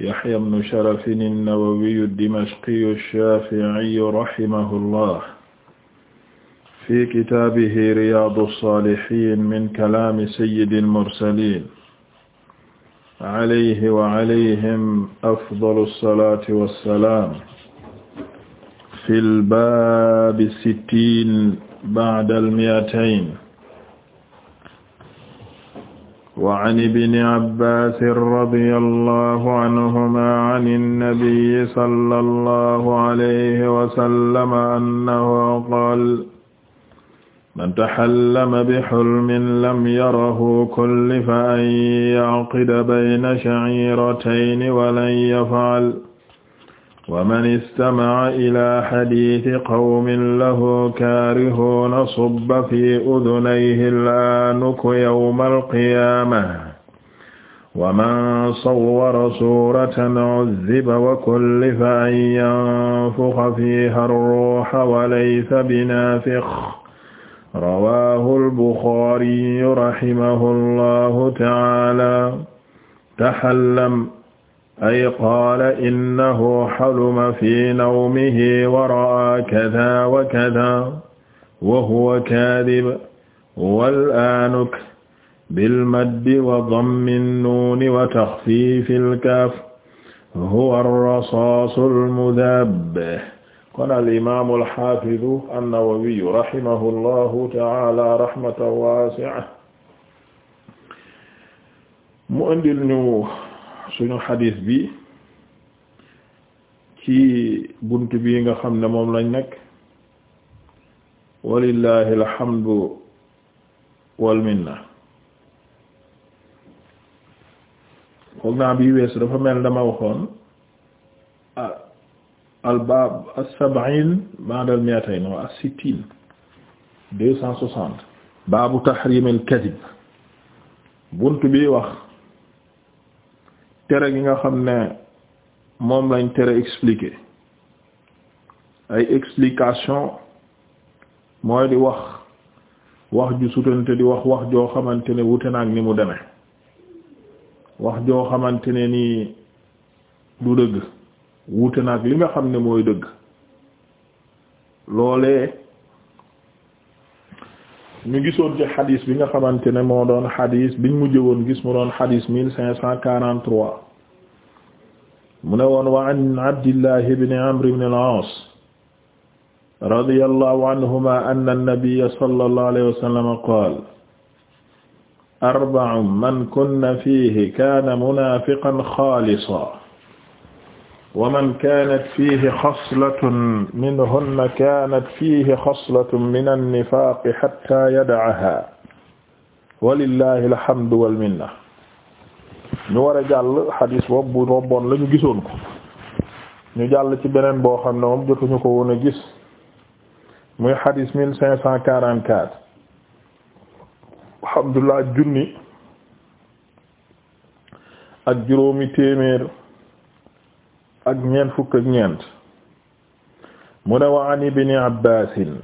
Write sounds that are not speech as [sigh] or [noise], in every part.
يحيى بن شرف النووي الدمشقي الشافعي رحمه الله في كتابه رياض الصالحين من كلام سيد المرسلين عليه وعليهم أفضل الصلاة والسلام في الباب الستين بعد المئتين وعن ابن عباس رضي الله عنهما عن النبي صلى الله عليه وسلم أنه قال من تحلم بحلم لم يره كلف أن يعقد بين شعيرتين ولن يفعل waman istamaca ila xadiisi qawmin lahu kaarihuuna subba fi udunayhi laanuku yawma alqiyaama waman sawwara suuratan cuzziba wa kullifa an yanfuxa fiiha arruuxa walaysa binaafiq rawaahu albuxaariyu rahimahu allahu tacaala taxallam ay qaala innahu xaluma fi nawmihi wa ra'a kadaa wa kadaa wa huwa kaadib wal aanuk bil maddi wa dammin nuuni wa taxfiifil kaaf huwa rasaasul mudaab kon al imaamul xaafidu an-Nawawi rahimahullahu ta'aala rahmatan waasi'a mu andil ñu suñu xadis bi ci bunt bi nga xam ne moom lañ nekk walillahi alhamdu wal minna foog naa bi wees dafa mel dama waxoon al baab as-sab'iin ba'da al baabu tahriim al bunt bi wax tere gi nga xam ne moom lañ tere expliquer ay explication mooy di wax wax ju sutante di wax wax joo xamante ne wute naag ni mu demee wax joo xamante ne nii du dëgg wute naag li nga xam ne mooy dëgg loolee ñu gisoon ci xadis bi nga xamante ne moo doon xadis biñ mujjee woon gis mu doon xadis mille cinq cent quarante trois mu ne woon wa an abdillahi ibn amr ibn al-aas radiyallahu anhuma anna an-nabiyya sallallahu alayhi wa sallam qaala arba'un man kunna fiihi kaana munaafiqan xaalisan waman kaanat fiihi xaslatun minhunna kaanat fiihi xaslatun mina nifaaqi hattaa yada'ahaa walillaahi alhamdu wal minna ñu war a jàll xadiis boobu bu romboon la ñu gisoon ko ñu jàll ci beneen boo xam ne moom jotuñu ko woon a gis muy xadiis mille cinq cent quarante quatre alhamdulillah junni ak juróomi téeméer ak ñeent fukk ak ñeent mu wa an ibni abbasin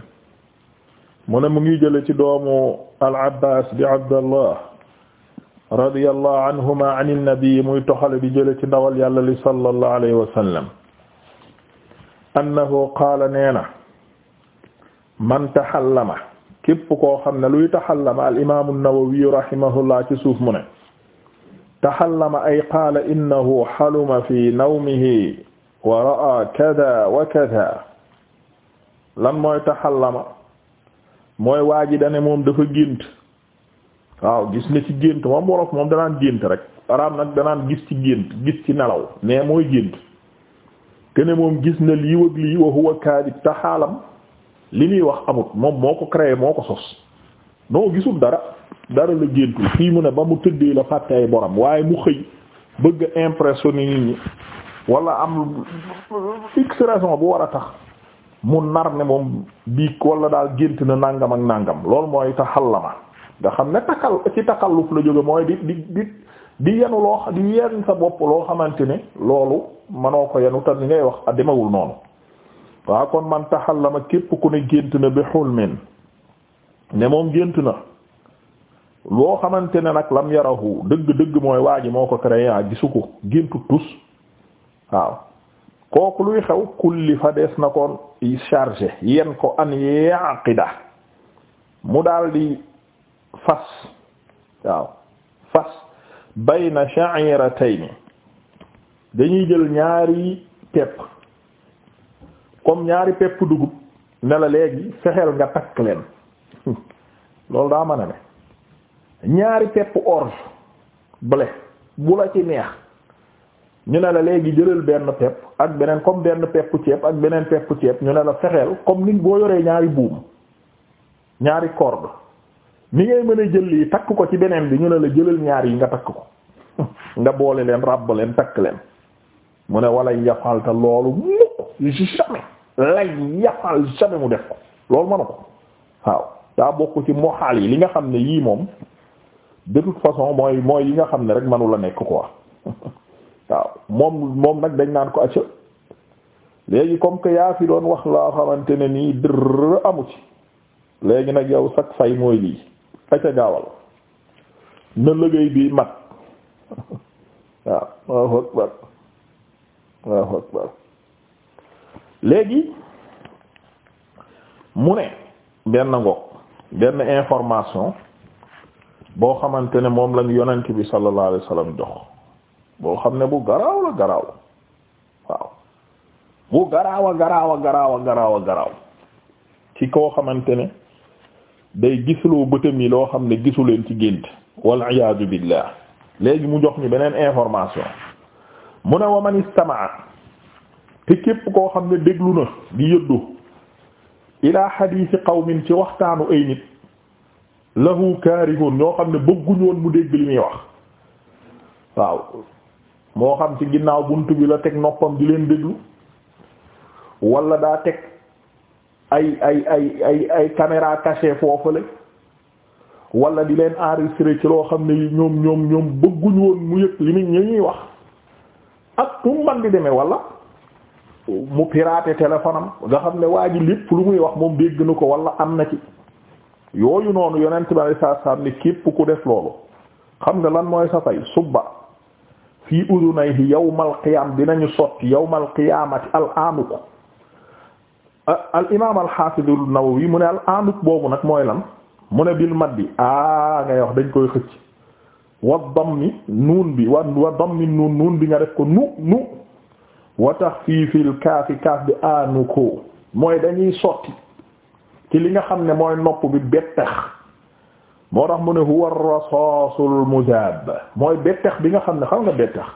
mu ne mu ngi jële ci doomu al abbas bi abdallah radiyallahu anhuma an innabii muy toxale di jële ci ndawal yàlla li sallallahu alayhi wa sallam annahu qaala na man taxallama képp koo xam ne luy taxallama al imaamu nawawi rahimahullah ci suuf mu ne taxallama ay qaala innahu xaluma fi nawmihi wa ra'a kada lan mooy taxallama mooy waa ji dane moom dafa gént waaw gis ne ci gént moom wolof moom danaan gént rek araab nag danaan gis ci gént gis ci nelaw mais mooy gént kene moom gis na lii wëg lii wa huwa kaadib taxaalam li muy wax amut moom moo ko créé moo ko sos noo gisul dara dara la géntul fii mu ne ba mu tëddee la fàtte ay borom waaye mu xëy bëgg a impressionner nit ñi wala am x raison bu war a tax mu nar ne moom bii wala daal gént na nàngam ak nàngam loolu mooy ma nga xam ne takal ci takalluf la jóge mooy di di di di yenu loo di yenn sa bopp loo xamante ne loolu manoo ko yenu te ni ngay wax a demewul noonu waaw kon man taxallama képp ku ne gént na bi xulmin ne moom gént na loo xamante ne nag lam yarahu dëgg dëgg mooy waa ji moo ko créé a gisu ko géntu tus waaw kooku luy xew kulli fa des na kon chargé yen ko an yaqida mu daal di fas waaw fas bayna sha'iratayn dañuy jël ñaari pepp comme ñaari pepp dugub ne la léegi fexeel nga takk leen [laughs] loolu daa mën a ne ñaari pepp orge blé bu la ci neex ñu ne la léegi jëlal benn pep ak beneen comme benn peppu ceeb ak beneen peppu ceeb ñu ne la fexeel comme nit boo yoree ñaari buum ñaari corde ni ngay mën a jël lii takk ko ci beneen bi ñu ne la jëlal ñaar yi nga takk ko [laughs] nga boole leen ràbb leen takk leen mu ne walla yafal te loolu mukk jamais lay yafal jamais mu def ko loolu mënu ko waaw daa bokk ci moxaal yi li nga xam ne yii moom de toute façon mooy mooy yi nga xam ne rek manu la nekk quoi [laughs] waaw moom moom nag dañ naan ko acca léegi comme que yaa fi doon wax la xamante ne nii dërr amu ci léegi nag yow sag fay mooy lii acca gaawal na liggéey bi mat [laughs] waaw waaw akbar waaw akbar léegi mu ne benn ngo benn information boo xamante ne moom lañu yonent bi sallallahu alayhi wasallam jox boo xam ne bu garaaw la garaaw waaw bu garaawa garaawa garaaw garaawa garaaw ci koo xamante ne day gisloo bëtam yi loo xam ne gisu leen ci gént wal iyaadu billah léegi mu jox ñu beneen information mu ne wa man istamaa te képp koo xam ne déglu na di yëddu ilaa xadiisi qawmin ci waxtaanu ay nit lahu kaarihoon ñoo xam ne bëgguñu woon mu dégg li muy wax waaw moo xam ci ginnaaw bunt bi la teg noppam di leen déglu wala daa teg ay ay ay ay ay caméra cachée foofale wala di leen enregistré ci loo xam ne ñoom ñoom ñoom bëgguñu woon mu yëg li muy ñuy wax ak mu man di demee wala mu piraté telefonam am nga xam ne waa lépp lu muy wax moom dégg na ko wala am na ci yooyu noonu yonent bi alayhi salaatu salaam ni képp ku def loolu xam nga lan mooy sa fay subba fii udunayhi yawmal qiyaam dinañu sotti yawmal qiyaamati al anuk al imaam al xaafid nawawi mu ne al anuk boobu nag mooy lan mu ne bil maddi aa ngay wax dañ koy xëcc wa dammi nuun bi wa wa dammi nuun nuun bi nga def ko nu nu wa taxfiifil kaafi kaaf bi anuko mooy dañuy sotti ci li nga xam ne mooy nopp bi bettax moo tax mu ne huwa rasaasul mudaab mooy bettax bi nga xam ne xam nga bettax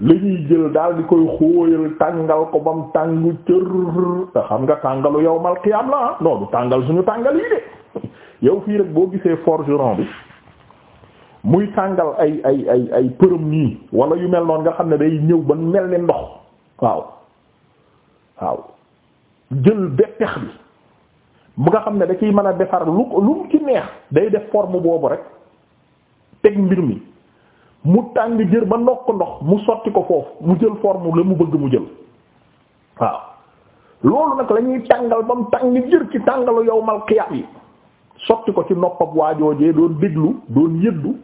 li ñuy jël daal di koy xóoyal tàngal ko bam tàng cër te xam nga tàngalu yawmal qiyaam la ah tàngal suñu tàngal yi de [laughs] yow fii rek boo gisee forgeron bi muy tàngal ay ay ay ay përëm nii wala yu mel noonu nga xam ne day ñëw ba mel ni ndox waaw waaw jël bettax bi bu nga xam ne da ciy mën a defar lu lu mu ci neex day def forme boobu rek teg mbir mi mu tàng jër ba ndox ndox mu sotti ko foofu mu jël forme la mu bëgg mu jël waaw loolu nag la ñuy tàngal ba mu tàng jër ci tàngalu yowmal xiyaam yi sotti ko ci noppam waajoojee doon déglu doon yëddu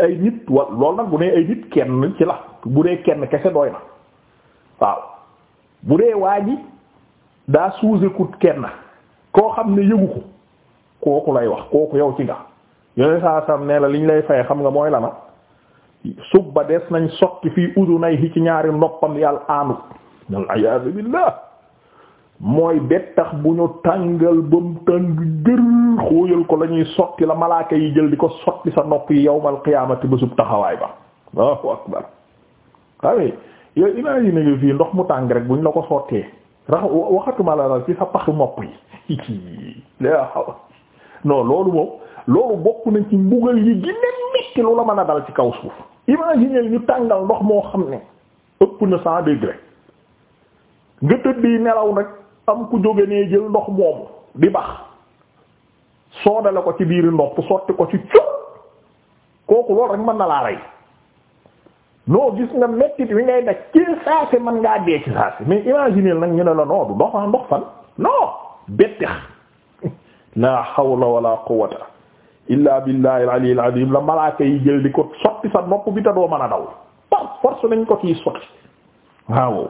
ay nit wa loolu nag bu nee ay nit kenn ci la bu dee kenn kese doy na waaw bu dee waa ji daa suusekut kenn koo xam ne yëgu ko kooku lay wax kooku yow ci nga yooyu saa sam ne la liñ lay fay xam nga mooy lana ba des nañ sotti fii udunayhi ci ñaari noppam yàlla aanu al mooy bettax bu ñu tàngal ba tàng gër xóoyal ko lañuy ñuy sotti la malaaka yi jël di ko sotti sa nopp yi yawmal qiyaamati bésub taxawaay ba Allahu akbar waaye yooyu imagine nga fii ndox mu tàng rek buñ la ko sottee rax waxatuma la ci sa paxu mopp yi la loolu moom loolu bokk na ci mbugal yi gine metti lu la mën a dal ci kaw suuf imagineel ñu tàngal ndox moo xam ne ëpp na cent degré nga tëddi nelaw nag am ku jóge nee jël ndox moomu di bax soodale ko ci biir ndox sotti ko ci cur kooku loolu rek mën na laa rey non gis nga mettit wi ngay daj ci saase mën ngaa dee ci saase mais imaginer nag ñu ne la non du ndox ah ndox fan non bettex [laughs] la hawla wala quwwata illa billahi al-ali la malaaka yi jël di ko sotti sa nopp bi ta doo mën a daw par force nañ ko ciy sotti waaw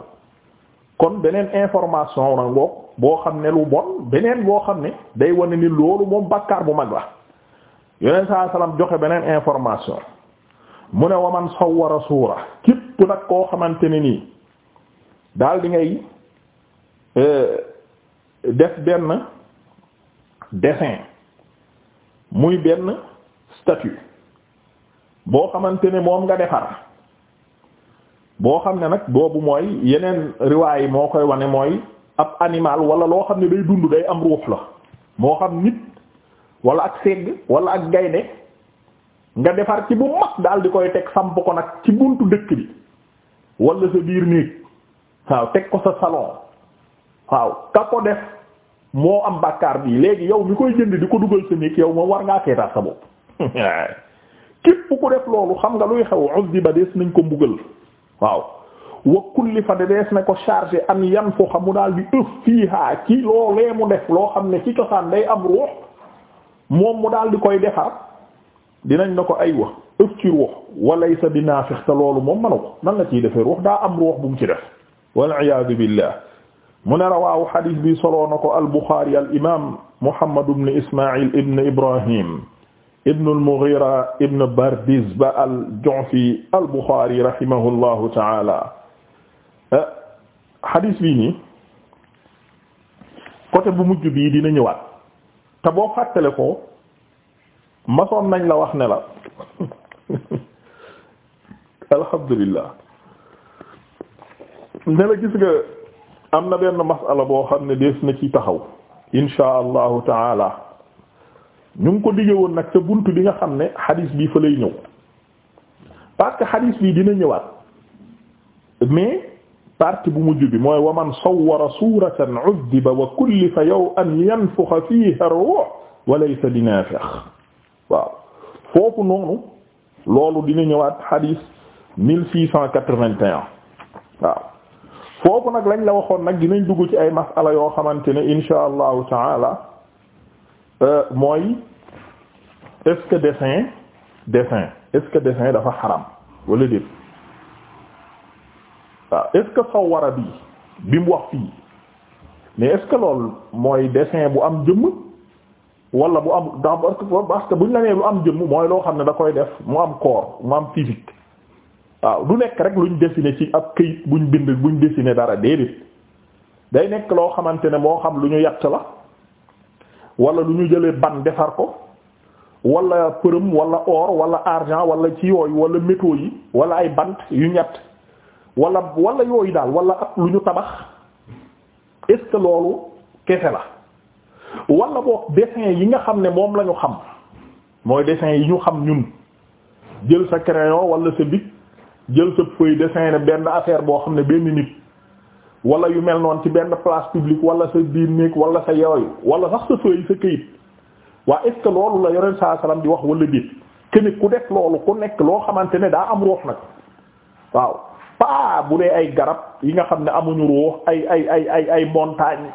kon beneen information na ngoog boo xam ne lu bon beneen boo xam ne day wane ni loolu moom bàkkaar bu mag la yoneen saa salaam joxe beneen information mu ne waman sawwara suura képp nag koo xamante ne nii daal di ngay eh, def benn dessin muy benn statue boo xamante ne moom nga defar boo xam ne nag boobu mooy yeneen riwaay moo koy wane mooy ab animal wala loo xam ne day dund day am ruux la moo xam nit walla ak segg wala ak gaynde nga defar ci bu mag daal di koy teg samp ko nag ci buntu dëkk bi wala sa biir néeg waaw teg ko sa salon waaw ka ko def moo am bàkkaar bi léegi yow mi koy jënd di ko dugal sa néeg yow moom war ngaa seetaat sa bopp [laughs] képp nga luy xew uzziba dees nañ ko mbugal waaw wa kullifa na ko chargé an yan foo xam mu daal di ëf fiihaa ci loolee mu def loo xam ne ci cosaan day am ruux moom mu daal di koy defar dinañ na ko ay wax ëf ci ruux moom manu ko nan la ciy defee ruux daa am ruux mu ci def waliyasu billah mu ne rawaahu bi soloo na ko alboxaari al imam mohammadu ibn ismail ibn ibrahim ibn almughira ibn bardizba al-ju'fi alboxaari rahimahu llahu taala xadis bii nii côté bu mujj bii dina ñëwaat te boo masoon nañ la wax ne la alhamdulillah ne la gis nga am na benn masala boo xam ne dees na ci taxaw insha allahu taala ñu ngi ko digge woon nag ca bunt bi nga xam ne xadiis bi fa lay ñëw parce xadiis bi dina ñëwaat mais partie bu mujj bi mooy waman sawwara suratan uddiba wa kullifa yow an yanfuxa fiha ruux wa laysa binafix waaw foofu noonu loolu dina ñëwaat xadiis mille six cent quatre-vingt-un waaw foofu nag lañ la waxoon nag dinañ dugg ci ay masala yoo xamante ne insha allahu taala euh, mooy est-ce que dessin dessin est-ce dafa xaram wala déet waaw est-ce que sawara bi mu wax fii mais est-ce mooy dessin bu am jëmm wala bu am da parce que buñ la nee lu am jëmm mooy loo xam ne da koy def mu am corps mu am physique waaw du nekk rek luñ dessiné ci ab këyit buñ bind bu buñ dessiné dara déedéet day nekk loo xamante ne moo xam lu ñu yàtt la wala lu ñu jëlee ban defar ko wala përëm walla or wala argent wala ci yooyu wala métaux yi wala ay bant yu ñett wala wala yooyu daal wala ab lu ñu tabax est ce loolu kese la wala boog dessin yi nga xam ne moom la ñu xam mooy dessin yi ñu xam ñun jël sa crayon wala sa bic jël sa feuille dessin benn affaire boo xam ne benn nit wala yu mel noonu ci benn place publique wala sa biir néeg wala sa yooyu wala sax sa feuille sa këyit waa est loolu la yoreen saa salaam di wax wala déet kene ku def loolu ku nekk loo xamante ne daa am ruux nag waaw paa bu dee ay garab yi nga xam ne amuñu ruux ay ay ay ay ay montagne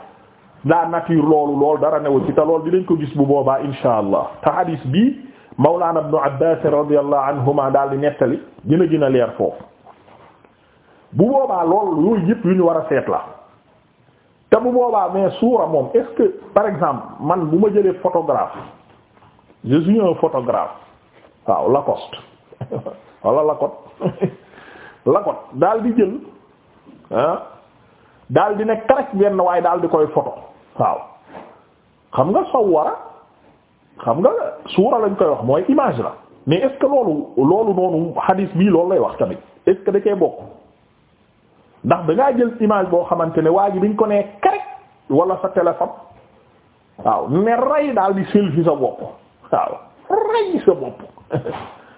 la nature loolu lool dara newu ci te lool dinañ ko gis bu boobaa insha te hadis bi mawlana ibnu abbaas radiyallahu anhuma daal di nettali dina gën a leer foofu bu boobaa lool yooyu yëpp yu ñu war a seet la te bu boobaa mais suura moom est-ce que par exemple man bu ma jëlee photographe je suis un photographe waaw Lacoste [laughs] wala Lacoste Lacoste [laughs] daal di jël ah daal di ne karaj benn waaye daal di koy photo waaw xam nga sawwara xam nga suura lañ koy wax mooy image la mais est loolu loolu noonu hadis bii loolu lay wax tamit est-ce que da cee bokk ndax da jël image boo xamante ne waa ji biñ ko nee karek wala sa téléphone waaw ne ray daal di selfie sa bopp waaw ray sa bopp [laughs]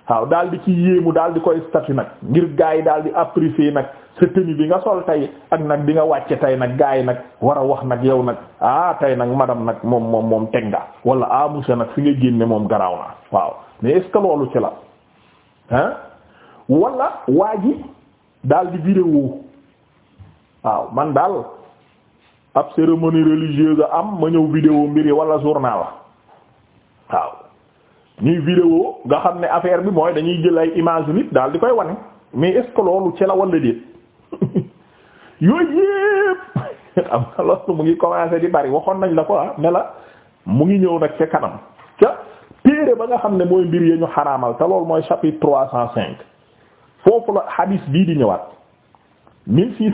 waaw daal di ci yéemu daal di koy statut nag ngir gars yi daal di apprécier nag sa bi nga sol tey ak nag bi nga wàcce tey nag gars yi nag war a wax nag yow nag ah tey nag madame nag moom moom moom teg nga wala ah monsieur nag fi nga génne moom garaaw na waaw mais est ci la ah wala daal di vidéo waaw man daal ab cérémonie religieuse a am ma ñëw vidéo mbir yi wala journal la waaw ñuy vidéo nga xam ne affaire bi mooy dañuy jël ay image nit daal di koy wane mais est loolu ci la wala déet [laughs] yooyu yëpp [laughs] am na mu ngi commencé di bari waxoon nañ la ko ah, ne la mu ngi ñëw nag ca kanam ca téere ba nga xam ne mooy mbir yi ñu xaraamal te loolu mooy chapitre trois cent cinq foofu la hadis bii di ñëwaat mille six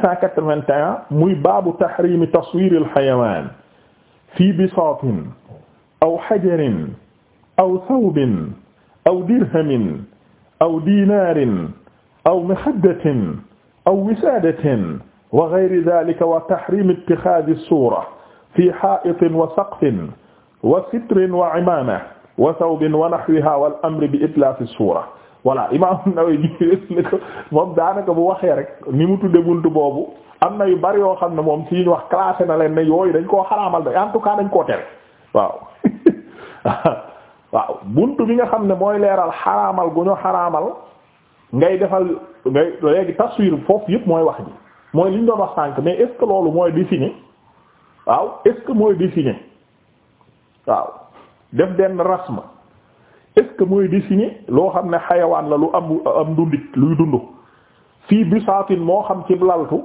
muy baabu tahrimi taswiril xayawaan fii bisaatin aw xajarin aw thawbin aw dirhamin aw dinaarin aw mixaddatin aw wisaadatin wa gayri daalika wa taxriimi ittixaadi suura fii xaa'itin wa saqfin wa sitrin wa cimaama wa sawbin wa naxwihaa wal amri bi itlaafi suura voilà Imaam Nawawi [laughs] moom daanaka bu waxee rek ni mu tudde bunt boobu am na yu bari yoo xam ne moom ci ñu wax classé na leen ne yooyu dañ koo xaraamal de en tout cas dañ koo tere waaw [laughs] waaw bi nga xam ne mooy leeral xaraamal gu xaraamal. ngay defal ngay léegi taswir foofu yëpp mooy wax ji mooy li ñu doon wax sànk mais est loolu mooy dessiner waaw est-ce que mooy dessiner waaw def benn rasma est-ce que mooy dessiner loo xam ne xayawaan la lu am am dundit luy dund fii busaatin moo xam ci laltu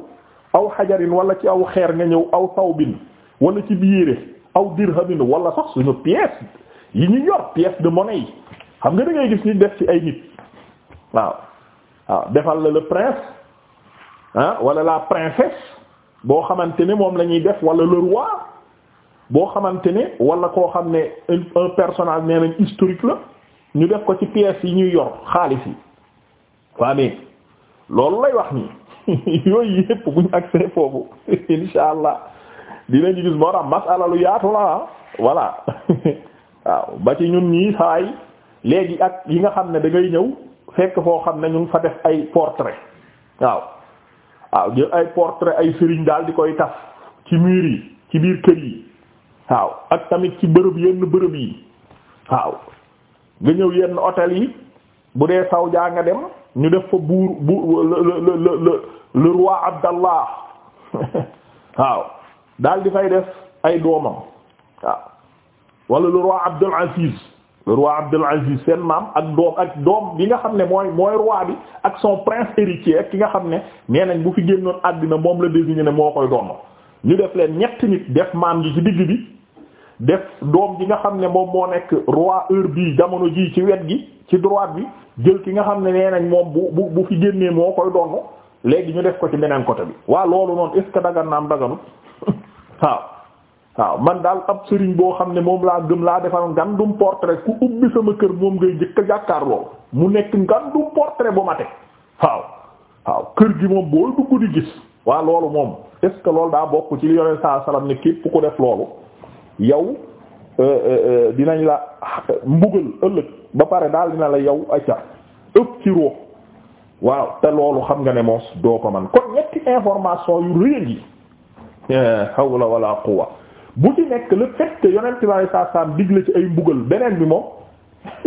aw xajarin wala ci aw xeer nga ñëw aw sawbin wala ci biire aw dirhamin wala sax suñu pièce yi ñu yor pièce de monnaie xam nga da ngay gis ñu def ci ay nit waaw waaw defal la le prince ah wala la princesse boo xamante ne moom la ñuy def wala le roi boo xamante ne wala koo xam ne un personnage nee nañ historique la ñu def ko ci pièces yi ñuy yor xaalis yi waa mais loolu lay wax nii [laughs] yooyu yëpp buñ accès foofu [laughs] insha allah dinañu gis moo tax masala lu yaatu la voilà [laughs] waaw ba ci ñun ñii saay léegi ak yi nga xam ne dangay ñëw fekk foo xam ne ñu ngi fa def ay portrait waaw waaw jël ay portrait ay sëriñ daal di koy taf ci mur yi ci biir kër yi waaw ak tamit ci bërëb yenn bërëb yi waaw nga ñëw yenn hôtel yi bu dee saw jaa nga dem ñu def fa buur la le le le le roi abdallah [laughs] waaw daal di fay def ay doomam waaw wala le roi abdul le roi Abdul Aziz seen maam ak doom ak doom bi nga xam ne mooy mooy roi bi ak son prince héritier ak ki nga xam ne nee nañ bu fi génnoon àddina moom la désigné ne moo koy doon ñu def leen ñetti nit def ci digg bi def doom ji nga xam ne moom moo nekk roi bii jamono ji ci wet gi ci droite bi jël ki nga xam ne nee nañ moom bu bu bu fi moo koy doon léegi ñu def ko ci beneen côté bi waa loolu noonu est ce naam daganut [laughs] waaw waaw man daal ab sëriñ boo xam ne moom laa gëm laa defal ngandum portrait ku ubbi sama kër moom ngay jëkk jàkkaar loolu mu nekk ngandum portrait bu ma waaw waaw kër gi moom booy dugg di gis waa loolu moom est loolu daa bokk ci li yoneen saa salaam ne képp ku def loolu yow euh, euh, euh, dinañ la mbugal ëllëg ba pare daal dina la yow acca ëpp ci ruux waaw te loolu xam nga ne moos doo ko man kon ñetti information yu réel yi eh, hawla wala quwwa bu ci nekk le fait que yonent bi sallallahu alayhi wasallam digle ci ay mbugal beneen bi moom [laughs]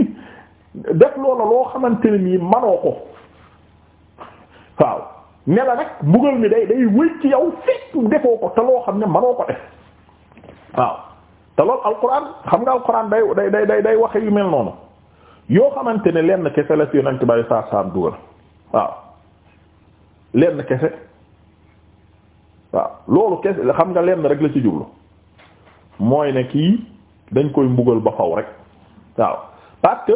def loola loo xamante ne nii manoo ko waaw ne la rek mbugal mi day day wéy ci yow fi defoo ko te loo xam ne manoo ko def waaw te loolu alquran xam nga alquran day day day day day waxe yu mel noonu yoo xamante ne lenn kese la ci yonent bi sallallahu alayhi wasallam dugal waaw lenn kese waaw loolu kese xam nga lenn rek la ci jublu. mooy ne kii dañ koy mbugal ba faw rek waaw parce que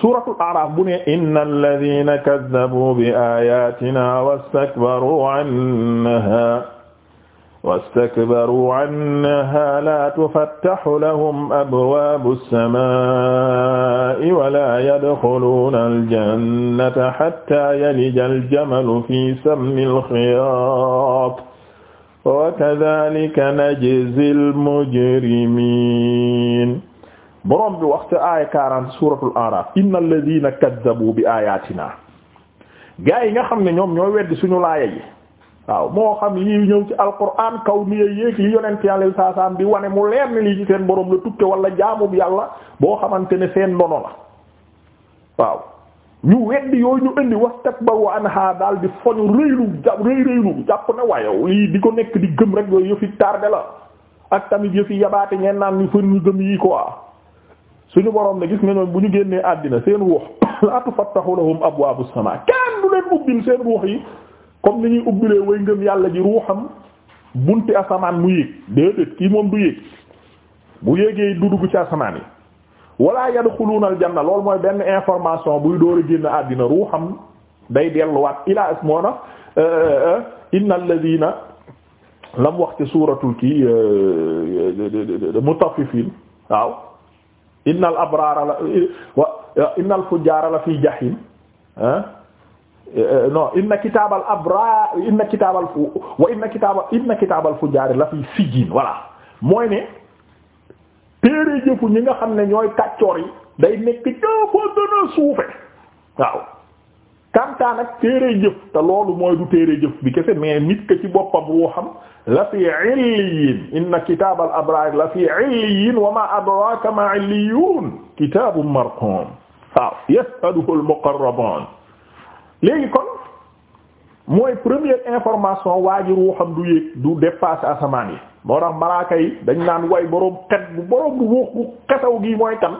suuratul a'raaf bu ne innal ladina kaddabu bi ayatina wastakbaru anha wastakbaru anha la tufattahu lahum abwaabu samaa'i wala yadxuluuna aljannata hatta yalija aljamalu fi sammi alxiyaat wa kadhalika najzil mujrimin borom bi wax ca aaya 40 suratul araf innal ladina kaddabu bi ayatina gaa yi nga xam ne ñoom ñooy weddi suñu laaya yi waaw moo xam yi ñëw ci alquran kaw ni yéeg li yonent yàlla yu saasaam bi wane mu leer ni lii ci seen boroom la tukke wala jaamu bi yàlla boo xamante ne seen ndono la waaw ñu weddi yooyu ñu indi wax ba anha daal di foñu rëylu jàpp rëy rëylu jàpp na waaye lii di ko nekk di gëm rek yooyu yëfi tardé la ak tamit yëfi yabaate ñeen naan ñu fën ñu gëm yi quoi suñu borom na gis nga ñoom bu ñu génnee àddina seen ruux [coughs] la tufattahu lahum abwaabu samaa kenn du leen ubbil seen ruux yi comme ni ñuy ubbilee way ngëm yàlla ji ruuxam bunti asamaan mu yéeg déedéet kii moom du yéeg bu yéegee du dugg ci asamaan yi wala yadxuluuna aljanna loolu mooy benn information buy door a génn àddina ruuxam day delluwaat ilaa is moo na euh, euh, euh, inna alladina lam wax ci suuratul kii mutaffifin waaw inna al abraara la inna al fujjaara la fi jahim ah non inna kitaabal abrar inna kitaabal fu wa inna kitaabal inna kitaabal fujjaari la fi sijjiin voilà mooy ne. téere jëfu ñi nga xam ne ñooy kàccoor yi day nekk ñoo ko gën a suufe waaw kantaan ak téere jëf te loolu mooy du téere jëf bi kese mais nit ka ci boppam ruuxam la fi illiyin inna kitaab al la fi illiyin wa ma adraaka ma illiyun kitaabun marqum waaw yashhaduhu al muqarrabun léegi kon mooy première information waa ji ruuxam du yéeg du dépasser asamaan yi moo tax malaaka yi dañ naan way boroom xet bu boroom bu wóox bu xesaw gi mooy kan [laughs]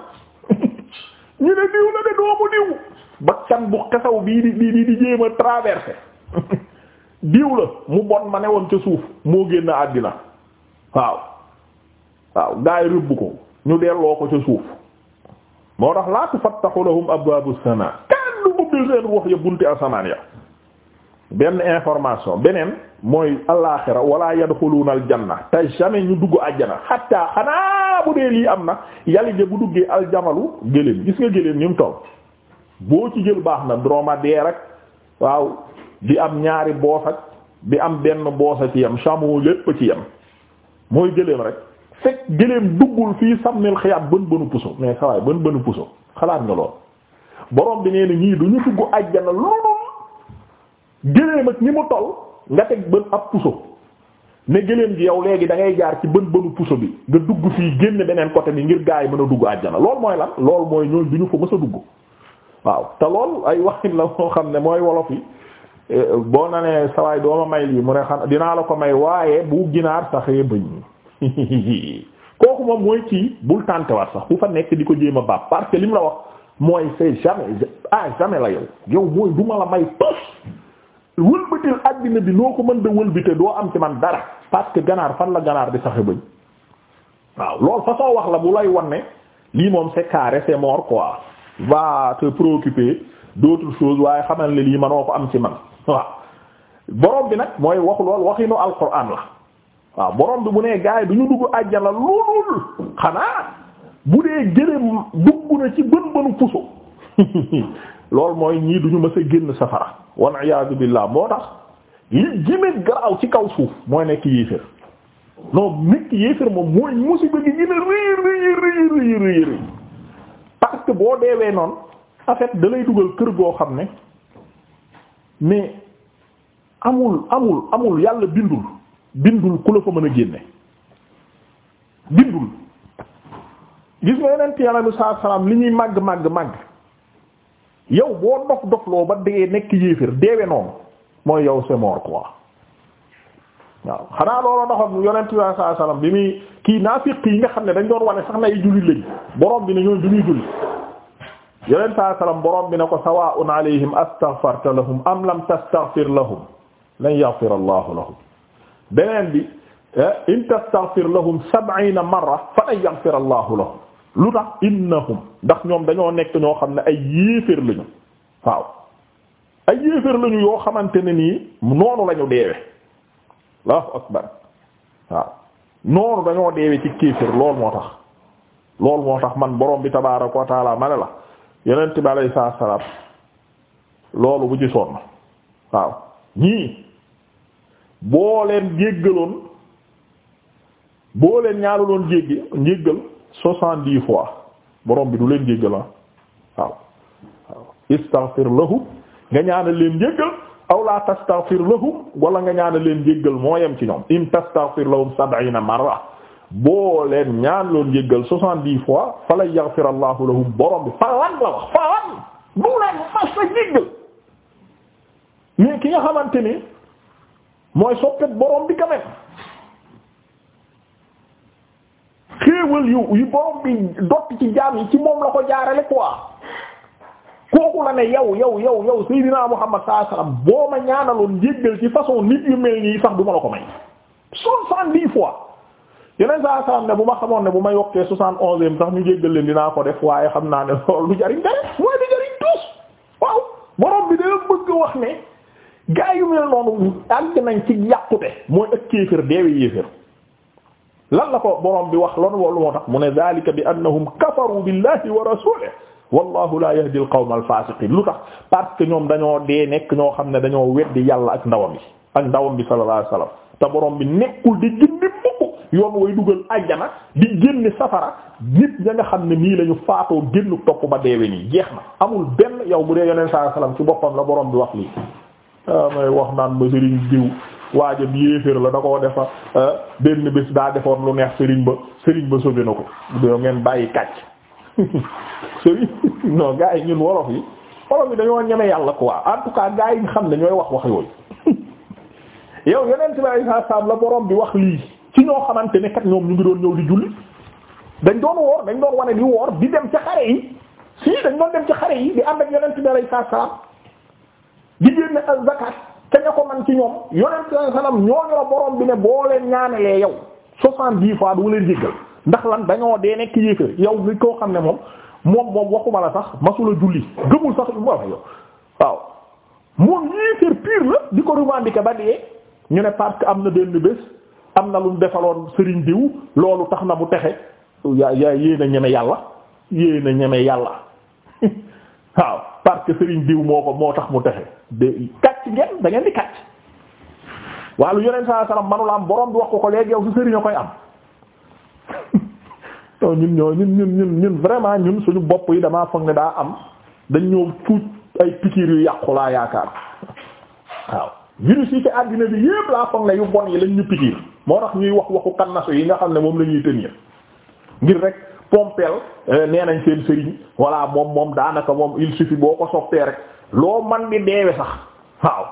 ñu ne diw la de doomu diw bakkan bu xesaw bii di di di jéem a traversé [laughs] diw la mu bon ma ne woon ca suuf moo génn àddina waaw waaw gaay rëbb ko ñu delloo ko ca suuf moo tax laa tufattahu lahum abwaabu samaa kenn du ubbil seen ruux ya bunti asamaan ya benn information beneen mooy walla wala yadxuluuna aljanna te jamais ñu dugg àjjana xatta xanaa bu dee lii am na yalija bu duggee aljamalu gëléem gis nga gëléem ni mu toll boo ci jël baax na dromadaire rek waaw bi am ñaari boos bi am benn boosa ci yam chameau lépp ci yam mooy gëléem rek fekk gëléem duggul fii sàmmil xiyaat bën bënu puso mais sawaay bën bënu puso xalaat nga lool borom bi nee na ñii du ñu dugg àjjana loolu gëléem ak ni mu toll nga teg bën ab puso ne gëléem gi yow léegi da ngay jaar ci bën bënu puso bi nga dugg fii génn beneen côté bi ngir gaa yi mën a dugg àjjana loolu mooy lan lool mooy ñooñ du ñu fa mës a dugg waaw te lool ay waxin la moo xam ne mooy wolof yi eh, boo na ne sawaay dooma may lii mu ne xam dinaa la ko may waaye bu ginaar sax saxee bëñ [laughs] kooku moom mooy kii bul tàntewaat sax bu fa nekk di ko jéem a baab parce que li mu la wax mooy c'est jamais à ah, jamais la yow yow mooy duma la may wëlbatil addina bi noo ko mën da wëlbite doo am ci man dara parce que ganaar fan la ganaar di saxe bëñ waaw loolu façon wax la bu lay wan ne lii moom c'est carré c'est mort quoi va te préoccuper d'autres choses waaye xamal ne lii manoo ko am ci man waaw borom bi nag mooy waxu lool waxinu alquran la waaw borom bi bu nee gaay du ñu dugg àjjana loolul xanaa bu dee gëréem dugg na ci bën bënu puso [laughs] loolu mooy ñii du ñu mës a génn safara wan iyaadu billaah moo tax li gën garaaw ci kaw suuf mooy nekk yéeféer non nekk yéeféer moom mooy musiba gi gën a que boo deewee noon en dalay da dugal kër goo xam ne mais amul amul amul yàlla bindul bindul ku la fa mën a génne bindul gis nga yeneen yàlla bi saa li ñuy màgg màgg màgg yow boo dof dofloo ba dee nekk yéefér deewe noonu mooy yow c'est mort quoi waaw xanaa looloo doxoon yonent bi sallallahu alayhi wasallam bi muy kii naafiq yi nga xam ne dañ doon wane sax nay julli lañ borom bi ne ñooy duñuy julli yonent sallallahu alayhi wasallam borom bi ne ko sawaa'un alayhim astaghfarta lahum am lam tastaghfir lahum lan yaghfir allahu lahum bi eh, in tastaghfir lahum sab'iina marra fa lan lahum lu tax innahum ndax ñoom dañoo nekk ñoo xam ne ay yéeféer lañu waaw ay yéeféer lañu yoo xamante ne nii noonu lañu deewe allahu akbar waaw noonu dañoo deewe ci kéeféer lool moo tax lool moo tax man borom bi tabaaraka ko taala ma ne la yonent bi alayhi salaam loolu bu ci sonn waaw ñii boo leen jéggaloon boo leen ñaanuloon jéggi njéggal soixante-dix fois borom bi du leen jéggal ah. waaw waaw istaghfir lahu nga ñaanal leen jéggal aw la tastaghfir lahum wala nga ñaanal leen jéggal moo yem ci ñoom in tastaghfir lahum sab'ina marra boo leen ñaan loon jéggal soixante-dix fois fa la yaghfir allahu lahum borom bi faran la faran bu leen mas sa jéggal mais ki nga xamante ni mooy soppet borom bi quand xéewal yu yu borom bi dotti ci jaam yi ci moom la ko jaarale quoi kooku la ne yow yow yow yow Seydina Muhammad sallallahu alayhi wasallam boo ma ñaanaloon jéggal ci façon nit yu mel nii sax duma la ko may soixante-dix fois yeneen saa ne bu ma xamoon ne bu ma yokkee soixante onzième sax ñu jéggal leen dinaa ko def waaye xam naa ne loolu du jariñ dara waaye du jariñ tuus waaw borom bi dana bëgg wax ne gaa yu mel noonu àgg nañ ci yàqute mooy ak kéefër deewe yéefër lan la ko borom bi wax loolu loolu moo tax mu ne zalika bi annahum kafaru billahi wa rasulihi wallahu la yahdi al qawma al fasiqin lu tax parce que ñoom dañoo dee nekk ñoo xam ne dañoo weddi yàlla ak ndawam bi ak ndawam bi sallallahu alayhi wasallam te boroom bi nekkul di gindi mukk yoon way dugal ajjana di génne safara nit ña nga xam ne nii lañu ñu faatoo génn topp ba deewe nii jeex na amul benn yow bu dee yoneen sallallahu alayhi ci boppam la borom bi wax lii may wax naan waajam yéeféer la da koo defa euh, benn bés daa defoon lu neex sëriñ ba sëriñ ba sobi na ko doo ngeen bàyyi kàcc [laughs] sëriñ non gars yi ñun wolof yi wolof yi dañoo ñeme yàlla quoi en tout cas gars yi xam ne ñooy wax wax yooyu [laughs] yow yeneen si bari saa saam la borom bi wax lii ci ñoo xamante ne kat ñoom ñu ngi doon ñëw di julli dañ doon woor dañ doon wane di woor di dem ci xare yi si dañ doon dem ci xare yi di ànd ak yeneen si bari saa saam di génne ak zakat te ko man ci ñoom yonent sallallahu alayhi wasallam ñooñu bi ne boo leen ñaanalee yow soixante-dix fois du leen jéggal ndax lan dañoo dee nekk yéeféer yow li koo xam ne moom moom moom waxuma la sax masula julli gëmul sax lu ma wax yow waaw moom yéeféer pire la di ko revendiquer ba dee ñu ne parce am na benn bés am na lu mu defaloon sëriñ diw loolu tax na mu texe yaa yaa yéen a ñeme yàlla yéen a ñeme yàlla [laughs] waaw parce sëriñ diw moo ko moo tax mu texe de kàcc ngeen da ngeen di kàcc waaw lu yonent saa salaam manula am borom bi wax ko ko léegi yow su sëriñ a koy am non [laughs] ñun ñoo ñun ñun ñun ñun vraiment ñun suñu bopp yi damaa foog ne daa am dañ ñoo tuut ay pikiir yu yàqu laa yaakaar [laughs] waaw virus yi ci àddina bi yépp laa foog ne yu bon yi lañ ñu pikiir moo tax ñuy wax waxu kannasu yi nga xam ne moom la ñuy tenir ngir rek pompeel euh, nee nañ seen sëriñ voilà moom moom daanaka moom il suffit boo ko soppee rek. loo man di deewe sax waaw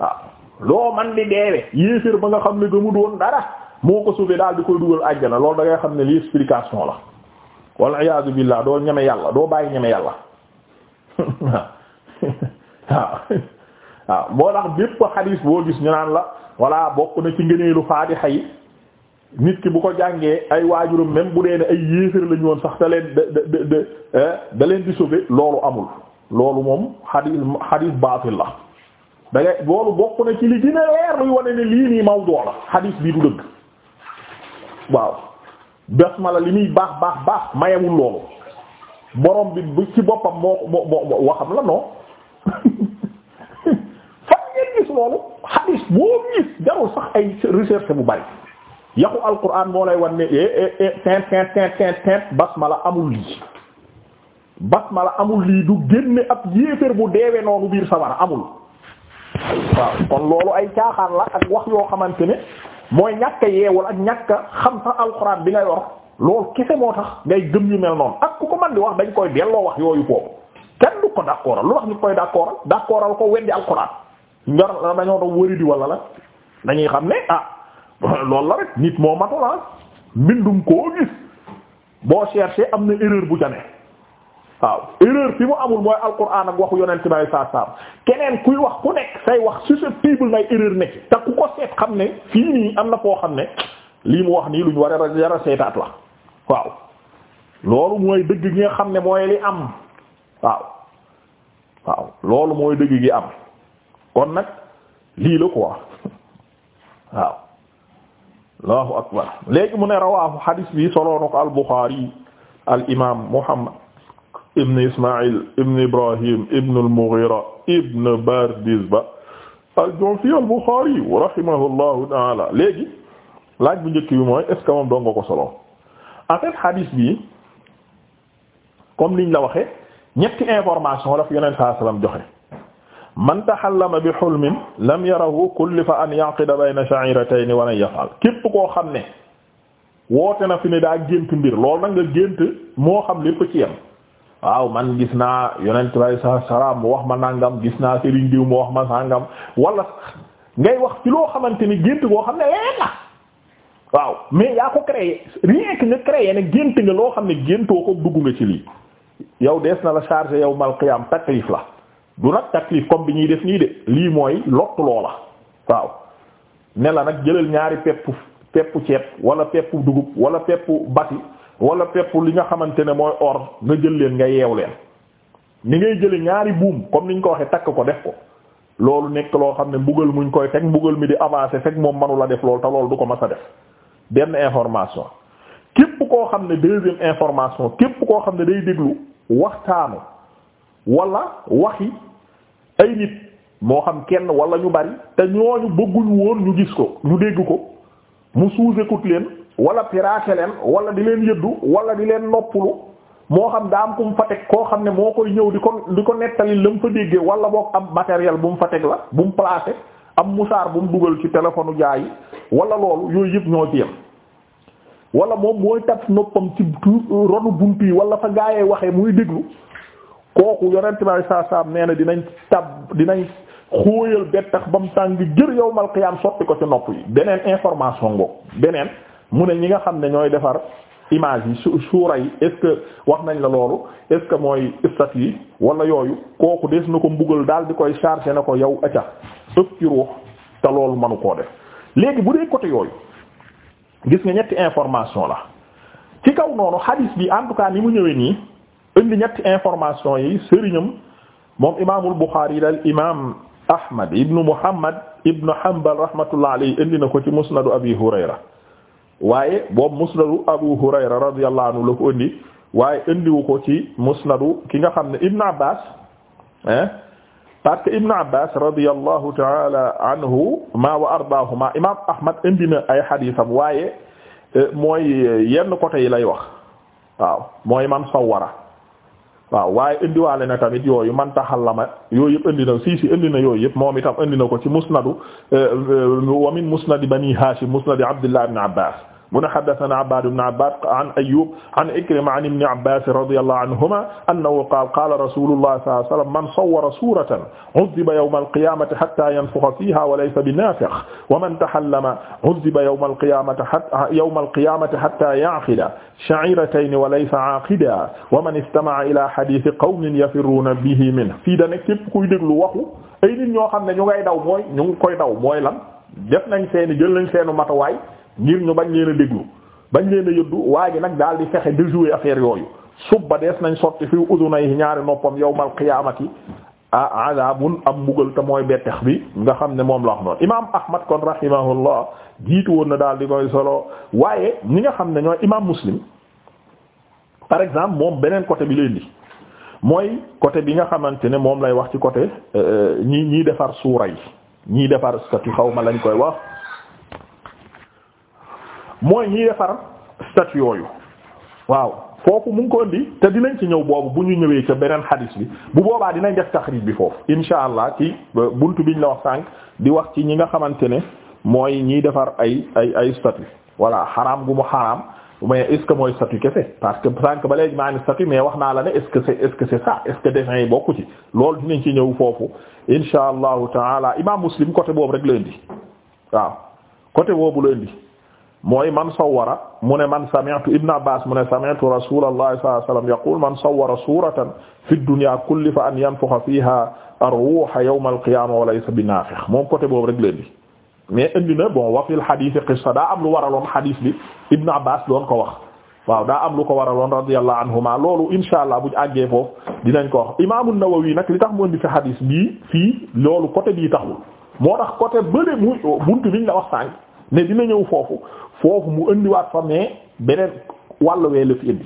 waaw loo man di deewe yéeféer ba nga xam ne gëmu doon dara moo ko sauvé daal di koy dugal àjjana loolu da ngay xam ne li explication la wal iyaadu billaah doo ñeme yàlla doo yàlla [laughs] waaw waaw boo tax bépp xadiis boo gis ñu naan la walla bokk na ci ngëneelu faatiha xay nit ki bu ko jàngee ay waajuram même bu dee ne ay yéeféer lañu woon sax da leen da da da eh, leen di sauvé loolu amul loolu moom xadis xadis baatil la da loolu bokk na ci li dina leer luy wane ne lii nii mawdu la xadis bi du dëgg waaw basmala li muy baax baax baax mayewul loolu borom bi bu ci boppam moo moo moo waxam la non [laughs] fan ngeen gis loolu xadis boo gis jarul sax ay recherche bu bari yàqu alquran moo lay wan ne eh eh eh teint teint amul lii. ma la amul lii du génne ab yéeféer bu deewee noonu biir sawara amul waaw kon loolu ay caaxaan la ak wax yoo xamante ne mooy ñàkk a yeewul ak ñàkk a xam sax alxuraan bi ngay yor loolu kese moo tax ngay gëm yu mel noonu ak ku ko man di wax dañ koy delloo wax yooyu kooku kenn du ko d'accordal lu wax ñu koy d'accordal d'accordal ko weddi alxuraan njor la dañoo doon wëri di wala la dañuy xam ne ah [laughs] loolu la rek nit moo matul ah mbindum koo gis boo cherché am na erreur bu jane waaw erreur fi mu amul mooy alquran ak waxu yonent bi saa saa keneen kuy wax ku nekk say wax susceptible nay erreur nekk te ku ko seet xam ne fii nii am na foo xam ne lii mu wax nii lu luñ war a yara seetaat la waaw loolu mooy dëgg gi nga xam ne mooy li am waaw waaw loolu mooy dëgg gi am kon nag lii la quoi [laughs] waaw allahu akbar léegi mu ne rawaahu xadiis bi soloona ko al Buxaari al imaam Muhammad ibn Ismaïl ibn Ibrahim ibn al-Mughira ibn Bardizba al-Ju'fi al-Bukhari rahimahullahu ta'ala léegi laaj bu njëkk bi mooy est ce moom doon ko solo en fait hadith bi comme liñ la waxee ñetti information la fi Yonent saa salaam joxe man taxallama bi xulmin lam yarahu kullifa an yaqida bayna sha'iratayn wa lan yaf'al képp koo xam ne woote na fi ne daa gént mbir loolu nag nga gént moo xam lépp ci yam waaw man gis naa yonent bi sa salaam mu wax ma nangam gis naa Serigne Diw mu wax ma sangam walla ngay wax ci loo xamante ni gént goo xam ne waaw mais yaa ko créé rien nga gént nga loo xam ne géntoo ko dugg nga ci lii yow dees na la chargé yow mal qiyam la du nag taklif comme bi ñuy def nii de lii mooy lottu loola waaw ne la nag jëlal ñaari pepp peppu ceeb wala peppu dugub wala peppu bati wala pepp li nga xamante ne mooy or nga jël leen nga yeew leen ni ngay jële ñaari buum comme ni ñu ko waxee takk ko def ko loolu nekk loo xam ne mbugal muñ koy teg mbugal mi di avancer fekk moom manu la def loolu te loolu du ko ma a def benn information képp koo xam ne deuxième information képp koo xam ne day déglu waxtaanu wala waxi ay nit moo xam kenn wala ñu bari te ñooñu bëgguñ woon ñu gis ko ñu dégg ko mu suuse kut leen wala piraate leen wala di leen yëddu wala di leen noppulu moo xam daa am ku mu fa teg koo xam ne moo koy ñëw di ko di ko nettali la mu fa déggee wala boog am matériel bu mu fa teg la bu mu placé am musaar bu mu dugal ci téléphone jaay yi wala loolu yooyu yëpp ñoo ci yem wala moom mooy tab noppam ci ronu bunt yi wala fa gaayee waxee muy déglu kooku yonent bi saa saam nee na dinañ tab dinañ xóoyal bettax ba mu tàng jër yowmal qiyaam sotti ko ci nopp beneen information ngo beneen mu ne ñi nga xam ne ñooy defar image yi suura yi est wax nañ la loolu est mooy statue yi wala yooyu kooku des na ko mbugal daal di koy chargé na ko yow aca ëpp ci ruux te loolu manu koo def léegi bu dee côté yooyu gis nga ñetti information la ci kaw noonu hadis bi en tout cas ni mu ñëwee nii indi ñetti information yi sëriñam moom imaamul Buxaari dal imaam Ahmad ibnu Muhammad ibnu Hanbal rahmatullah alayhi indi na ko ci musnadu Abi Hurayra waaye boobu musnadu Abu Hurayra radiyallahu anhu la waaye indiwu ko ci musnadu ki nga xam ne Ibn Abbas hein parce que Ibn Abbas radiyallahu ta'ala anhuma wa ardaahuma imaam Ahmad indi na ay xadiisam waaye euh, mooy euh, yenn côté yi lay wax waaw mooy man sawwara waaw waaye indiwaale na tamit yooyu man taxallama yooyu yëpp indi na si si indi na yooyu yëpp moom itam indi na ko ci musnadu euh, euh, wa min musnadi bani hashim musnadi abdullah ibn abbas mu ne haddathana Abbad ibn Abbad an Ayyub an Ikrima an ibn Abbas radiyallahu anhuma annahu qala qala rasulullah sallallahu alayhi wasallam man sawwara suratan udhiba yawm al-qiyamati hatta yanfukha fiha wa laysa binafikh wa man tahallama udhiba yawm al-qiyamati hatta yawm al-qiyamati hatta ya'qida sha'iratayn wa laysa 'aqida wa man istama'a ila hadith qawmin yafirruna bihi minhu fii da ne képp kuy déglu waxu ay nit ñoo xam ne ñu ngay daw mooy ñu ngi koy daw mooy lan def nañ seeni jël nañ seenu matawaay ngir ñu bañ leen a déglu bañ leen a yëddu waaye ji nag daal di fexe de jouer affaire yooyu ba dees nañ sotti fi udunay ñaari noppam yawmal qiyaamati ah azabun am mbugal te mooy bettex bi nga xam ne moom la wax noonu imaam Ahmad kon rahimahullah jiitu woon na daal di koy solo waaye ñi nga xam ne ñooy imaam Muslim par exemple moom beneen côté bi lay indi mooy côté bi nga xamante ne moom lay wax ci côté euh, ñi ñiy defar suura yi ñiy defar yi xaw ma lañ koy wax. mooy ñi defar statue yooyu waaw foofu mun ngi ko indi te dinañ ci ñëw boobu bu ñu ñëwee ca beneen xadis bi bu boobaa dinañ def taxrij bi foofu insha allah ci buntu ñu la wax sànq di wax ci ñi nga xamante ne mooy ñiy defar ay ay ay statue voilà xaraam gu mu xaraam mais est mooy statut kese parce que sànq ba léegi maa ngi statut mais wax naa la ne est-ce que c'est est-ce que yi bokku ci loolu dinañ ci ñëw foofu insha allahu taala imam muslim côté boobu rek la waaw côté boobu indi mooy man sawwara mu ne man sami'tu ibn abbas mu ne sami'tu rasulullah sallallahu alayhi wasallam yaqul man sawwara suratan fi dunya kullifa an yanfukha fiha ar-ruh yawm al-qiyamah wa laysa binafikh moom côté boobu rek leen di mais indi na bon wa fil hadith qissa daa am lu waraloon hadith bi ibn abbas doon ko wax waaw daa am lu ko waraloon radiyallahu anhuma loolu insha allah buñ àggee foofu dinañ ko wax imam an-nawawi nag li tax mu indi fi hadith bii fii loolu côté bii taxul moo tax côté bële mu buntu biñ la wax sànq ne dina ñëw foofu foofu mu indiwaat fa mais beneen wàll wee la fi indi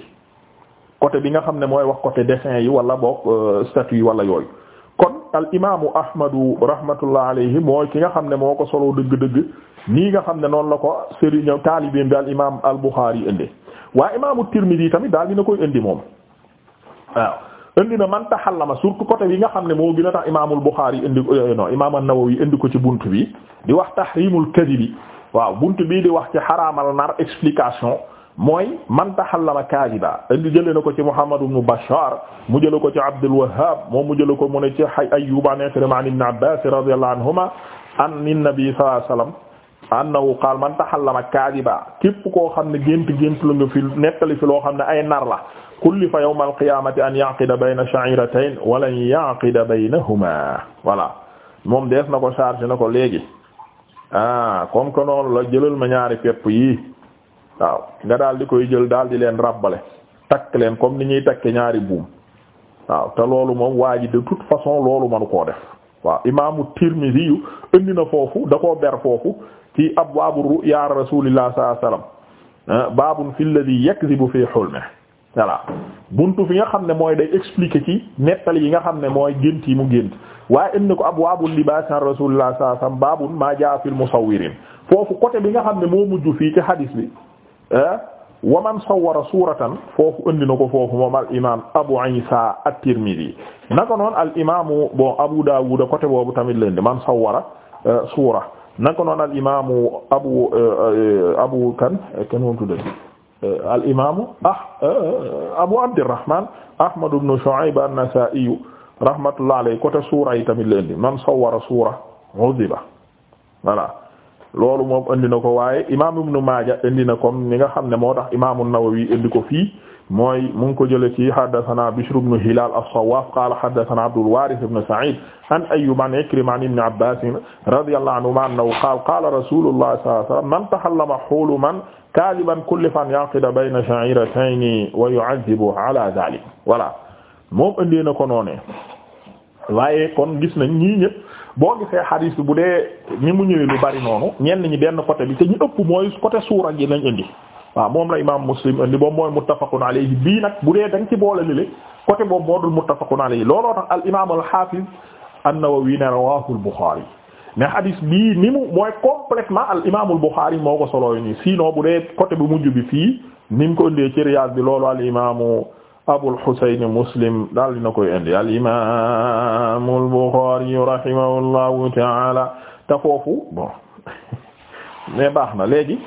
côté bi nga xam ne mooy wax côté dessin yi wala boog euh, statue yi wala yooyu kon al imaamu ahmadu rahmatullah alayhi mooy ki nga xam ne moo ko solo dëgg-dëgg nii nga xam ne noonu la ko sëriñ taalibeem bi al imaam al buxaari indi waaye imaamu tirmidi tamit daal dina koy indi moom waaw indi na man taxallama surtout côté bi nga xam ne moo gën a tax imaamul buxaari indi euh, non imaam an-nawawi indi ko ci bunt bi di wax tahrimul kadibi waaw bunt bii di wax ci xaraamal nar explication mooy man taxallala kaadiba indi jële na ko ci Muhammad ibn Bashar mu jëlee ko ci Abdul Wahhab moom mu jëlee ko mu ne ci Ayyub an Ikrima an Ibn Abbas radiyallahu anhuma an nabi sallallahu alayhi wasallam annahu qaal man taxallama kaadiba képp koo xam ne gént gént la nga loo xam ne ay nar la kullifa yawma alqiyamati an yaqida bayna sha'iratayn wa lan yaqida baynahuma voilà moom des na ko chargé na ko léegi ah comme que noonu la jëlal ma ñaari pepp yi waaw nga daal di koy jël daal di leen ràbbale takk leen comme ni ñuy takke ñaari buum waaw te loolu moom waa ji de toute façon loolu manu koo def waaw imaamu Tirmidhi yu indi na foofu da koo ber foofu ci abwaabu ru'ya rasulillah sallallahu alayhi wasallam ah, babun fi alladhi yakzibu fi hulmihi voilà buntu fi nga xam ne mooy day expliquer ci nettali yi nga xam ne mooy gént yi mu gént waaye indi ko abwaabul libaas an rasuulullah sallallahu alayhi wasallam baabun maa jaa fil musawwirin foofu côté bi nga xam ne moo mujj fii ci hadis bi ah wa man sawwara suuratan foofu indi ko foofu moom al imaam Abu Isa at-Tirmidhi naka noon al imaamu bon Abu Dawud côté boobu tamit leen di man sawwara euh, suura naka noonu al imaamu Abu euh, euh, Abu kan kenn Euh, al imaamu ah euh, Abu Abdirrahman Ahmad ibn Shu'ayb an-Nasaa'i rahmatullahi alayhi côté suura yi tamit leen di man sawwara suura udiba voilà loolu moom indi na ko waaye imaam Ibn Maaja indi na comme ni nga xam ne moo tax imaamu Nawawi indi ko fii. mooy mu ngi ko jëlee ci haddathana Bishr ibn Hilal as-Sawwaf qala haddathana Abdul Warith ibn Sa'id an Ayyub an Ikrima an Ibn Abbas radiyallahu anhuma annahu qala qala rasulullah sallallahu alayhi wasallam man tahallama huluman kadiban ko noonu waaye kon gis nañ ñii ñëpp boo gisee xadiis bu de ni mu ñëwee lu bari noonu ñenn ñi benn côté bi te ñu ëpp mooy côté suura gi lañ indi waaw moom la imaam muslim indi boobu mooy muttafaqun alayhi bii nag bu dee da nga ci boole lile côté boobu moo dul muttafaqun alayhi looloo tax al imaam al hafiz an-Nawawi ne rawahu al Bukhari ne hadis bii ni mu mooy complètement al imaam al Bukhari moo ko solo nii sinon bu dee côté bu mujj bi fii ni ko ko indee ci Riyad bi loolu al imaamu Abul Husayn Muslim daal dina koy indi al imaam al Bukhari rahimahullahu ta'ala te foofu bon [laughs] mais baax na léegi.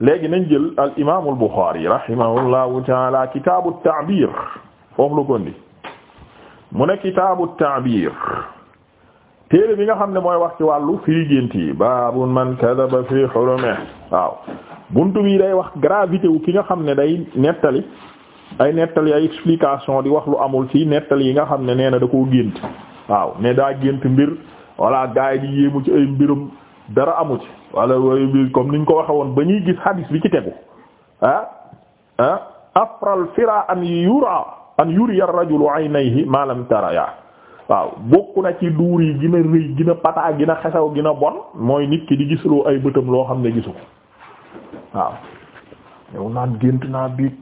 léegi nañ jël al imaam al Buxaari rahimahullahu taala kitaabu ta'biir foofu la ko indi mu ne kitaabu ta'biir téere bi nga xam ne mooy wax ci wàllu fii gént yi baabun man kadaba fi hulumi waaw buntu bi day wax gravité wu ki nga xam ne day nettali ay nettali ay explication di wax lu amul ci nettali yi nga xam ne nee na da koo gént waaw ne daa gént mbir walla gaay di yéemu ci ay mbirum dara amu ci wala bii comme niñ ko waxe woon ba ñuy gis hadis bi ci tegu ah ah afral fira an yura an yuriya ar-rajulu aynayhi ma lam taraya waaw bokk na ci duur yi gën a rëy gën a pataa gën a xesaw bon mooy nit ki di gisuloo ay bëtam loo xam ne gisu ko waaw yow naan gént naa biig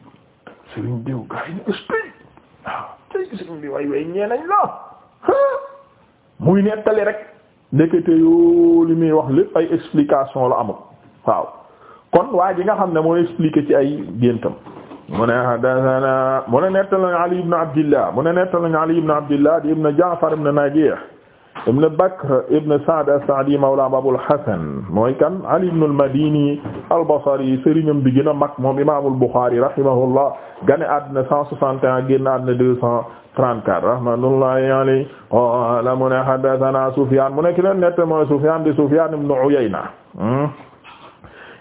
muy nettali rek ndekete yoo li muy wax lépp ay explication la amul waaw kon waa ji nga xam ne mooy expliquer ci ay géntam mu ne hadathana mu ne nettalañ ali ibn abdillah mu ne nettalañ ali ibn abdillah di ibn ja'far na najih ibn Bakr ibn Sa'd as-Sa'di mawla Abul Hasan mooy kan Ali ibn al-Madini al-Basri sëriñam bi gën a mag moom Imam al-Bukhari rahimahullah gane àddina 161 génn àddina 234 rahmatullahi alayhi qala mu ne haddathana Sufyan mu nekk leen nett mooy Sufyan di Sufyan ibn Uyayna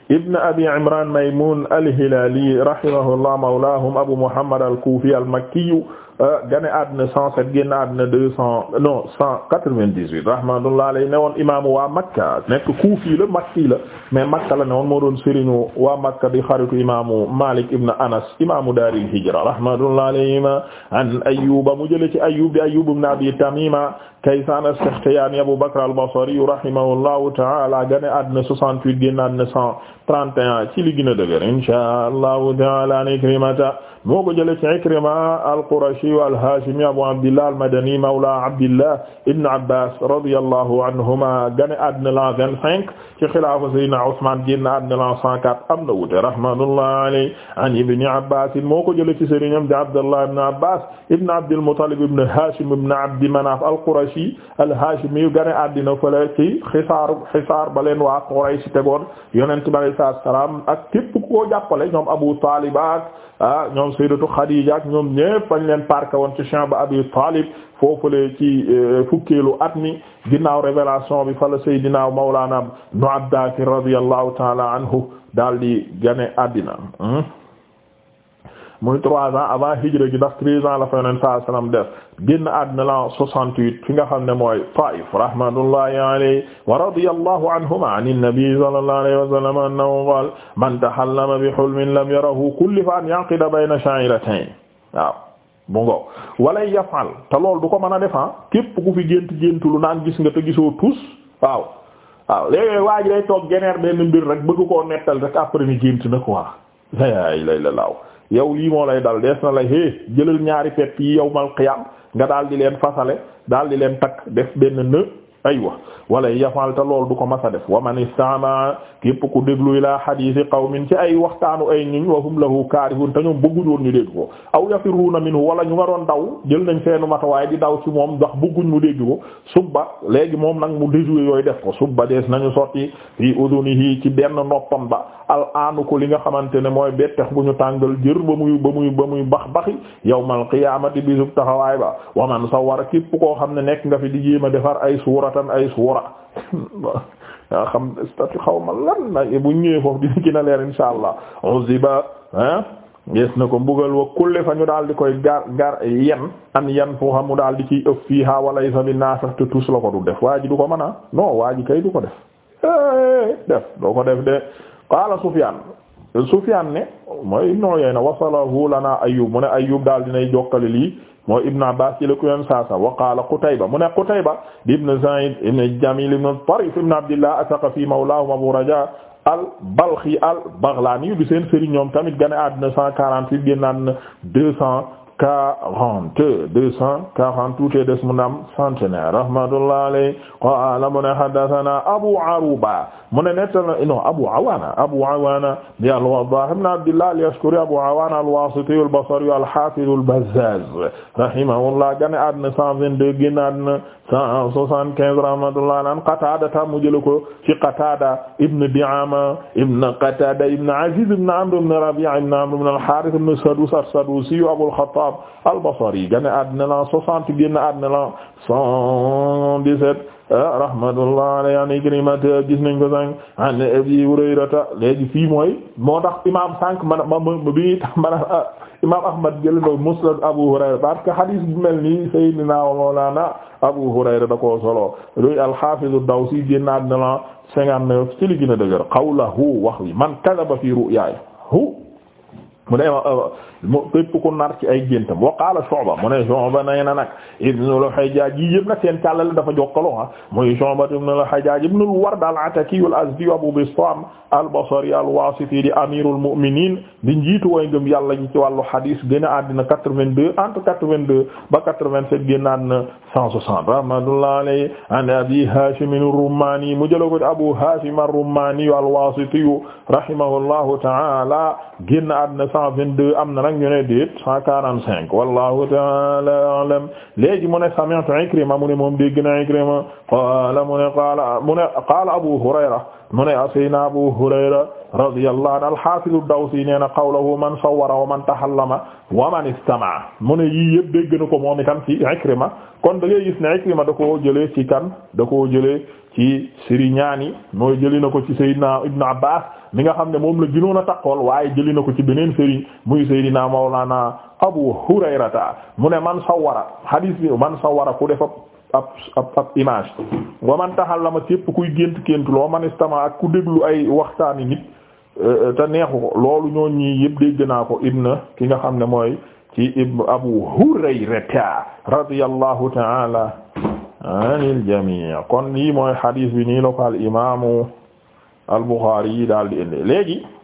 ibn Abi Imran Maymun al-Hilali rahimahullah mawlahum Abu Muhammad al-Kufi al-Makki Euh, gane àddina cent sept génn àddina deux cent non cent quatre-vingt-dix-huit rahmatullahi alayhi ne woon imaamu waa Makka nekk Kuufi la Makki la mais Makka la ne woon moo doon sëriñu waa Makka di xaritu imaamu Maalik ibn Anas imaamu daaril hijra rahmatullahi alayhima an Ayyuba mu jële ci Ayyub di Ayyub ibn Tamima Kaysaan as-Saxtiyaani Abu Bakr al-Basri rahimahullahu ta'ala gane àddina 68 génn àddina 131 ci li gën a dëgër inshaa Allahu ta'ala an Ikrimata moo ko jëlee ci Ikrima al-Qurashi al-Haashimi Abu Abdillah al-Madani mawla Abdillah ibn Abbas radiyallahu anhuma gane àddina la 25 ci xilaafa Sayyidina Usmaan génn àddina la 104 am na wuute rahmatullahi alayhi an Ibn Abbas moo ko jëlee ci sëriñam di Abdallah ibn Abbas ibn Abdil Muttalib ibn Haashim ibn Abdi Manaaf al-Qurashi al-Qurashi al-Hashimi gane àddina fële ci xisaar xisaar ba leen waa Quraysh tegoon yonent bi alayhi salaam ak képp ku ko jàppale ñoom Abu Talib ak ah ñoom Sayyidatu Khadija ak ñoom ñépp fañ leen parqué woon ci champ ba Abi Talib foofule ci eh, fukkeelu at mi ginnaaw révélation bi fala Seydina Mawlana Ibn Abbas radiyallahu ta'ala anhu dal di gane àddina hmm? muy trois ans avant hijra gi ndax treize ans la fa yoneen saa sallam def génn àddina la soixante-huit fi nga xam ne mooy Taif rahmatullahi alayhi wa radiyallahu anhuma an an-nabi sallallahu alayhi wa sallam annahu qala man tahallama bi hulmin lam yarahu kullifa an yaqida bayna sha'iratayn waaw bu ngo walay yafal te loolu du ko mën a defan ah, képp ku fi gént géntu lu naan gis nga te gisoo tus waaw waaw léeg-léeg waa ji day toog geneer benn mbir rek bëgg koo nettal rek après ni gént na quoi la ilaha illallah yow lii moo lay dal dees na la hé jëlal ñaari pepp yi yawmal qiyaam nga daal di leen fasale daal di leen takk def benn në aywa wala yafal te loolu du ko masa def wa man istama képp ku déglu ila hadisi qawmin ci ay waxtaanu ay ñuñ wa hum lahu kaarihun te ñoom bëgguñ dégg ko aw yafiruna minhu wala ñu nga doon daw jël nañ seenu matawaay di daw ci moom ndax bëgguñ mu dégg ko subba léegi moom nag mu déjoué yooyu def ko subba dees nañu sotti fii udunihi ci benn noppam ba al ko li nga xamante ne mooy bettex bu ñu tàngal jër ba muy ba muy ba bax baxi yawmal qiyaamati bisub ba wa man sawara képp koo xam ne nekk nga a suratan ay suura yaa xam statu xaw ma lan na bu ñëwee foofu dina gën a leer insha allah uziba ah gis na ko mbugal wa kulle fa ñu daal di koy gar gar yan an yan fu xam mu daal di ci ëpp fii ha walay sa bi naasaf te tus la ko du def waa ji du ko mën no non waa ji kay du ko def def doo ko def de qaala Sufyaan Sufyaan ne mooy Ibn Uyayna wasalahu lana Ayyub mu ne Ayyub daal dinay jokkale lii mooy Ibn Abbaas ci la ko saasa wa Qutayba mu ne Qutayba di Ibn Sa'iid ibn Jamiil ibn Tariif ibn Abdillah Athaqafi mawlaahum Abu Rajaa al-Balxi al-Baghlaani yu di seen sëriñ ñoom tamit gane àdduna 148 génnaat na 200 quarante deux cent quarante tuuti des mu naam centenaire rahmatullah alayhi qaala mu ne haddathana Abu Aruba mu ne nettali non Abu Awaana Abu Awaana di al-Waddah ibn Abdillah al-Yashkuri Abu Awaana al-Wasiti al-Basri al-Hafiz al-Bazzaz rahimahullah gane àddina cent vingt deux génn àddina cent soixante quinze rahmatullah an Qatada ta mu jël ko ci Qatada ibn Di'ama ibn Qatada ibn Aziz ibn Amr ibn Rabi' ibn Amr ibn al-Harith ibn Sadus as-Sadusi Abu al-Khattab Xattaab al-Basri gane àddina la 60 génn àddina la 117 rahmatullah alayhi an Ikrimah gis nañ ko sànq an Abi Hurayrata léegi fii mooy moo tax imaam sànq ma ma bii tax man imaam Ahmad na Abu Hurayra parce que hadith bi mel nii Sayyidina wa Mawlana Abu Hurayra da koo solo luy al-Hafiz ad-Dawsi génnaat na la cinquante-neuf ci li gën a dëgër wax wi man kadhaba fi ru'yaya hu mu képp ku nar ci ay géntam wa qaala Shu'ba mu ne Shu'ba nee na nag ibn al-Hajjaj yi yëpp nag seen càllale dafa jokkaloo ah muy Shu'ba ibn al-Hajjaj ibn al-Ward al-Ataki al-Azdi Abu Bistam al-Basri al-Wasiti di amirul mu'minin di njiitu way ngëm yàlla yi ci wàllu hadis gën a àddina 82 entre 82 ba 87 génnaan na 160 rahmatullahi alayhi an Abi Hashim ar-Rumani mu jëloo ko Abu Hashim ar-Rumani al-Wasiti rahimahullahu ta'ala génn àddina 122 am na nag ñu ne déet cent quarante cinq wallahu taala alam léegi mu ne sami'tu Ikrima mu ne moom dégg na Ikrima qaala mu ne qaala mu ne qaala Abu Hurayra mu ne asayna ah Abu Hurayra radiyallahu anhu al-Hafidu Dawsi nee na qawluhu man sawwara wa man tahallama wa man istama'a mu ne yii yëpp dégg na ko moom itam ci Ikrima kon da ngay gis ne Ikrima da koo jëlee ci kan da koo jëlee ci Siriñaani mooy jëli na ko ci Seydina Ibn Abbas mi nga xam ne moom la gënoon a takkool waaye jëli na ko ci beneen sëriñ muy Seydina Mawlana Abu Hurayrata mu ne man sawwara hadis bi man sawwara ku defa ab ab ab image waman taxal la ma képp kuy gént gént loo man istama ak ku déglu ay waxtaani nit euh, euh, te neexu ko loolu ñoo ñii yëpp dégg naa ko ibna ki nga xam ne mooy ci ibn abu hurayrata radiyallahu ta'ala anil jamii kon lii mooy xadiis bi nii la ko al imaamu al buxaari daal di indi léegi